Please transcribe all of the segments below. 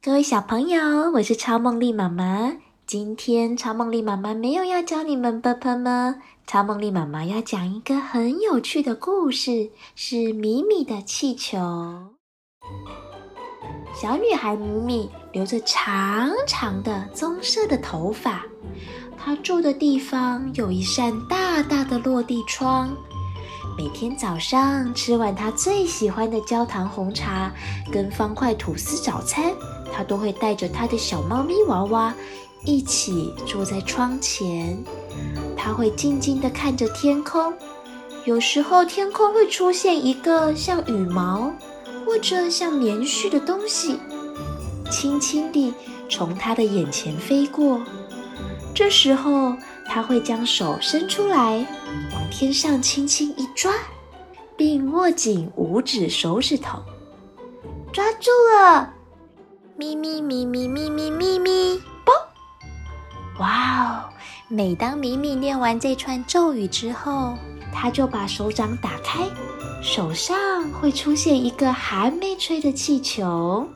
各位小朋友，我是超夢麗媽媽。今天超夢麗媽媽沒有要教你們蹦蹦嗎？超夢麗媽媽要講一個很有趣的故事，是米米的氣球。小女孩米米留着長長的棕色的頭髮，她住的地方有一扇大大的落地窗。每天早上吃完她最喜歡的焦糖紅茶跟方塊吐司早餐。她都會帶着她的小貓咪娃娃，一起坐在窗前，她會靜靜地看着天空。有時候天空會出現一個像羽毛或者像棉絮的東西，輕輕地從她的眼前飛過。這時候，她會將手伸出來，往天上輕輕一抓，並握緊五指手指頭，抓住了。咪咪咪咪咪咪咪咪啵！哇哦！每當米米唸完這串咒語之後，他就把手掌打開，手上會出現一個還沒吹的氣球。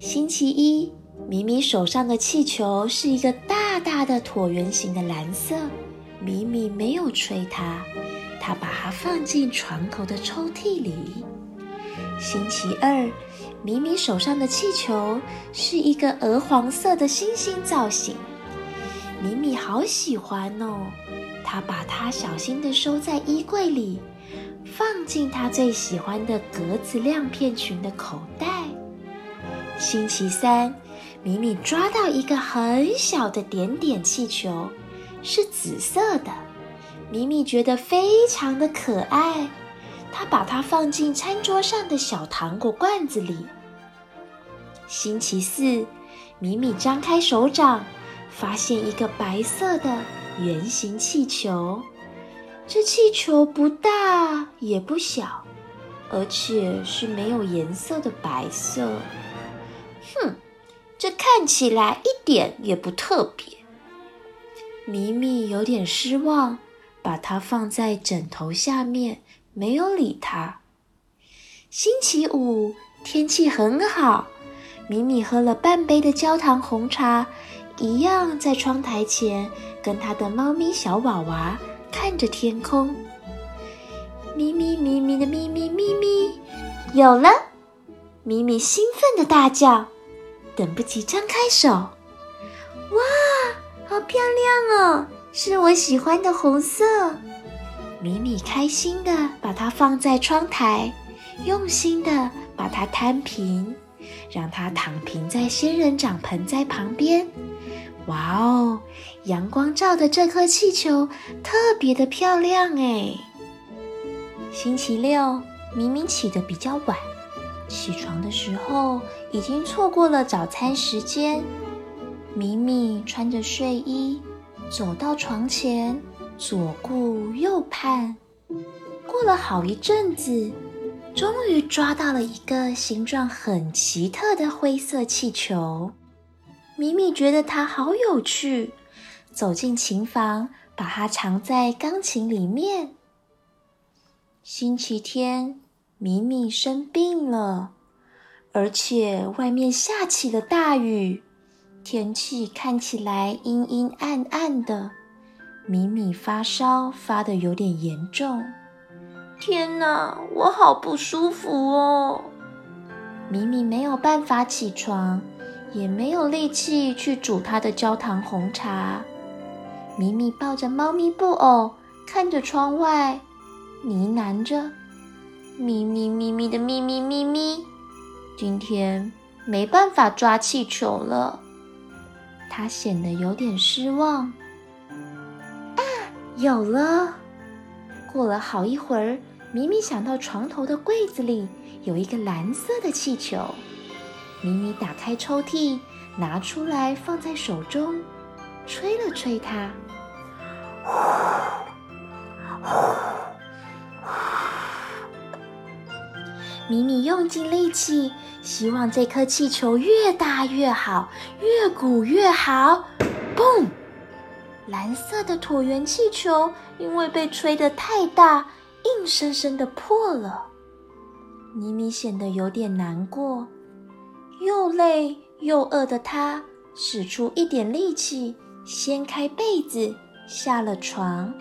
星期一，米米手上的氣球是一個大大的橢圓形的藍色，米米沒有吹它。他把它放進床頭的抽屜裡。星期二，米米手上的氣球是一個鵝黃色的星星造型，米米好喜歡哦。他把它小心地收在衣櫃裡，放進她最喜歡的格子亮片裙的口袋。星期三，米米抓到一個很小的點點氣球，是紫色的。米米覺得非常的可愛，她把它放進餐桌上的小糖果罐子裡。星期四，米米張開手掌，發現一個白色的圓形氣球。這氣球不大也不小，而且是沒有顏色的白色。哼，這看起來一點也不特別。米米有點失望。把它放在枕頭下面，沒有理它。星期五天氣很好，米米喝了半杯的焦糖紅茶，一樣在窗台前跟它的貓咪小娃娃看着天空。米米謎謎的秘密咪咪。有了！米米興奮的大叫，等不及張開手，哇，好漂亮哦！是我喜歡的紅色，米米開心的把它放在窗台，用心的把它攤平，讓它躺平在仙人掌盆栽旁邊。哇哦，陽光照的這顆氣球特別的漂亮欸。星期六，米米起得比較晚，起床的時候已經錯過了早餐時間。米米穿着睡衣。走到窗前，左顧右盼，過了好一陣子，終於抓到了一個形狀很奇特的灰色氣球。米米覺得它好有趣，走進琴房，把它藏在鋼琴裡面。星期天，米米生病了，而且外面下起了大雨。天氣看起來陰陰暗暗的，米米發燒發得有點嚴重。天哪，我好不舒服哦！米米沒有辦法起床，也沒有力氣去煮她的焦糖紅茶。米米抱着貓咪布偶，看着窗外，呢喃着：“咪咪咪咪的咪咪咪咪，今天沒辦法抓氣球了。”他顯得有點失望。啊，有了！過了好一會兒，米米想到床頭的櫃子裡有一個藍色的氣球。米米打開抽屜，拿出來放在手中，吹了吹它。米米用盡力氣，希望這顆氣球越大越好，越鼓越好。砰！藍色的橢圓氣球因為被吹得太大，硬生生的破了。米米顯得有點難過，又累又餓的她，使出一點力氣，掀開被子，下了床。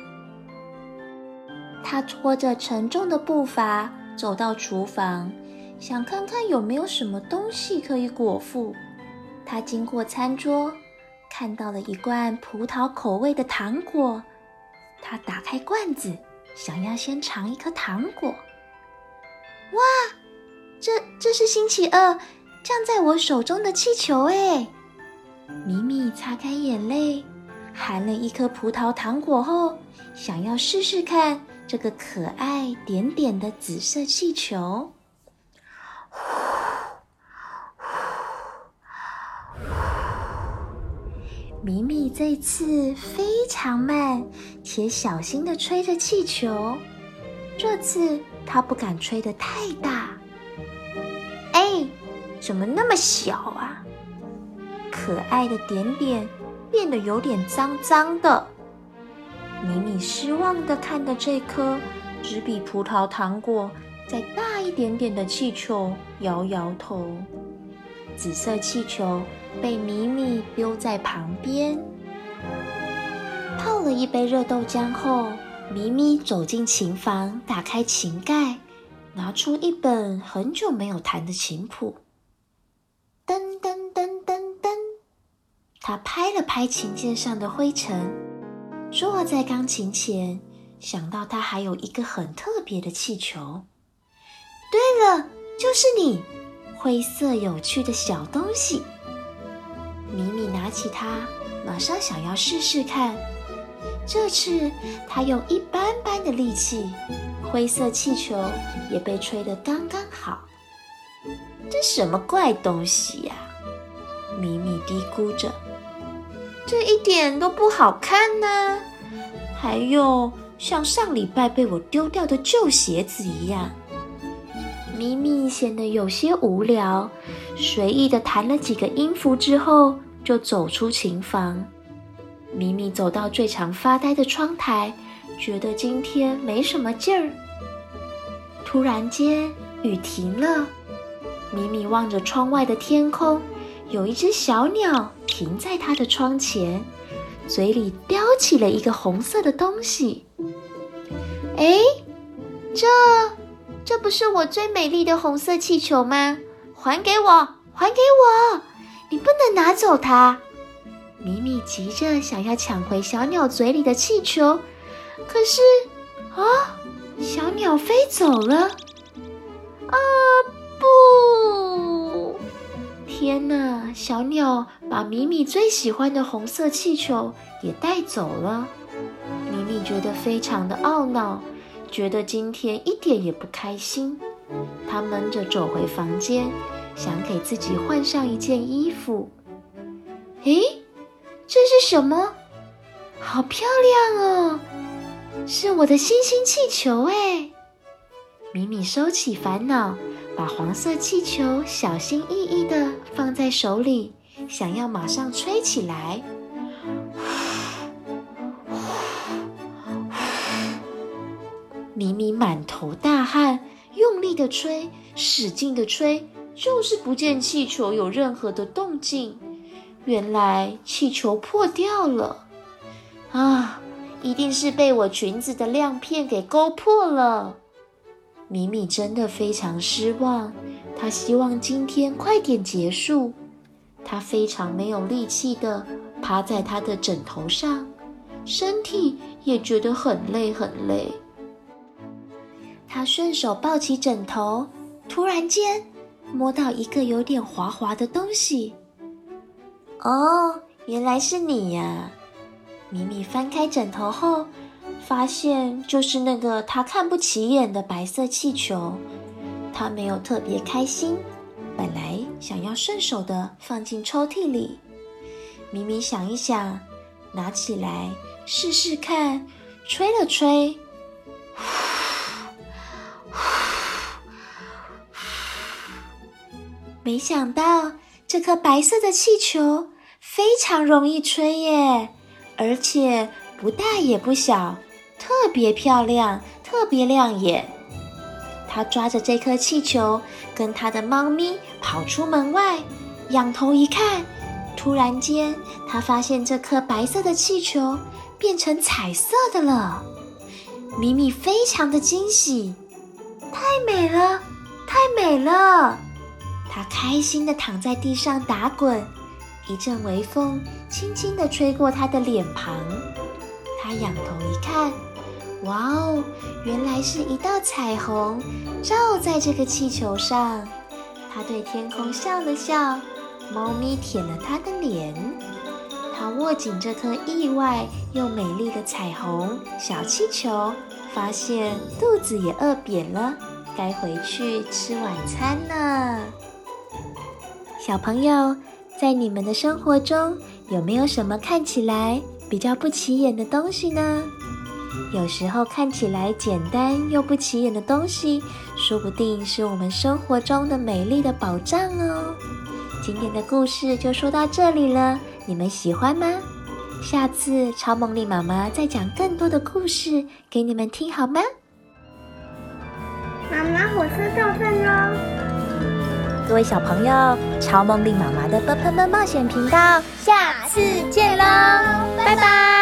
她拖着沉重的步伐。走到廚房，想看看有沒有什麼東西可以果腹。他經過餐桌，看到了一罐葡萄口味的糖果。他打開罐子，想要先嘗一顆糖果。哇，這這是星期二降在我手中的氣球哎！米米擦開眼淚，含了一顆葡萄糖果後，想要試試看。這個可愛點點的紫色氣球，呼呼，米米這次非常慢，且小心的吹着氣球。這次他不敢吹得太大。哎，怎麼那麼小啊？可愛的點點變得有點髒髒的。米米失望地看着這顆只比葡萄糖果再大一點點的氣球，搖搖頭。紫色氣球被米米丟在旁邊。泡了一杯熱豆漿後，米米走進琴房，打開琴蓋，拿出一本很久沒有彈的琴譜。噔噔噔噔噔，她拍了拍琴鍵上的灰塵。說我在鋼琴前，想到他還有一個很特別的氣球。對了，就是你，灰色有趣的小東西。米米拿起它，馬上想要試試看。這次他用一般般的力氣，灰色氣球也被吹得剛剛好。這什麼怪東西呀、啊？米米嘀咕着。這一點都不好看呢、啊，還有像上禮拜被我丟掉的舊鞋子一樣。米米顯得有些無聊，隨意的彈了幾個音符之後，就走出琴房。米米走到最常發呆的窗台，覺得今天沒什麼勁兒。突然間，雨停了。米米望着窗外的天空。有一隻小鳥停在它的窗前，嘴裡叼起了一個紅色的東西。誒，這這不是我最美麗的紅色氣球嗎？還給我！還給我！你不能拿走它！米米急着想要搶回小鳥嘴裡的氣球，可是啊，小鳥飛走了。啊、呃！天吶，小鳥把米米最喜歡的紅色氣球也帶走了。米米覺得非常的懊惱，覺得今天一點也不開心。她悶着走回房間，想給自己換上一件衣服。誒，這是什麼？好漂亮哦！是我的星星氣球哎。米米收起煩惱，把黃色氣球小心翼翼地放在手裡，想要馬上吹起來。米米滿頭大汗，用力的吹，使勁的吹，就是不見氣球有任何的動靜。原來氣球破掉了。啊，一定是被我裙子的亮片給勾破了。米米真的非常失望，她希望今天快點結束。她非常沒有力氣地趴在她的枕頭上，身體也覺得很累很累。她順手抱起枕頭，突然間摸到一個有點滑滑的東西。哦，原來是你呀、啊！米米翻開枕頭後。發現就是那個她看不起眼的白色氣球，她沒有特別開心。本來想要順手的放進抽屜裡，米米想一想，拿起來試試看，吹了吹，呼呼，沒想到這顆白色的氣球非常容易吹耶，而且不大也不小。特別漂亮，特別亮眼。她抓着這顆氣球，跟她的貓咪跑出門外，仰頭一看，突然間她發現這顆白色的氣球變成彩色的了。米米非常的驚喜，太美了，太美了！她開心的躺在地上打滾，一陣微風輕輕的吹過她的臉龐，她仰頭一看。哇哦！原來是一道彩虹照在這個氣球上。她對天空笑了笑，貓咪舔了她的臉。她握緊這顆意外又美麗的彩虹小氣球，發現肚子也餓扁了，該回去吃晚餐了。小朋友，在你們的生活中有沒有什麼看起來比較不起眼的東西呢？有時候看起來簡單又不起眼的東西，說不定是我們生活中的美麗的寶藏哦。今天的故事就說到這裡了，你們喜歡嗎？下次超夢麗媽媽再講更多的故事給你們聽好嗎？媽媽，火車到站嘍。各位小朋友，超夢麗媽媽的“奔奔們”冒險頻道，下次見嘍，拜拜。拜拜。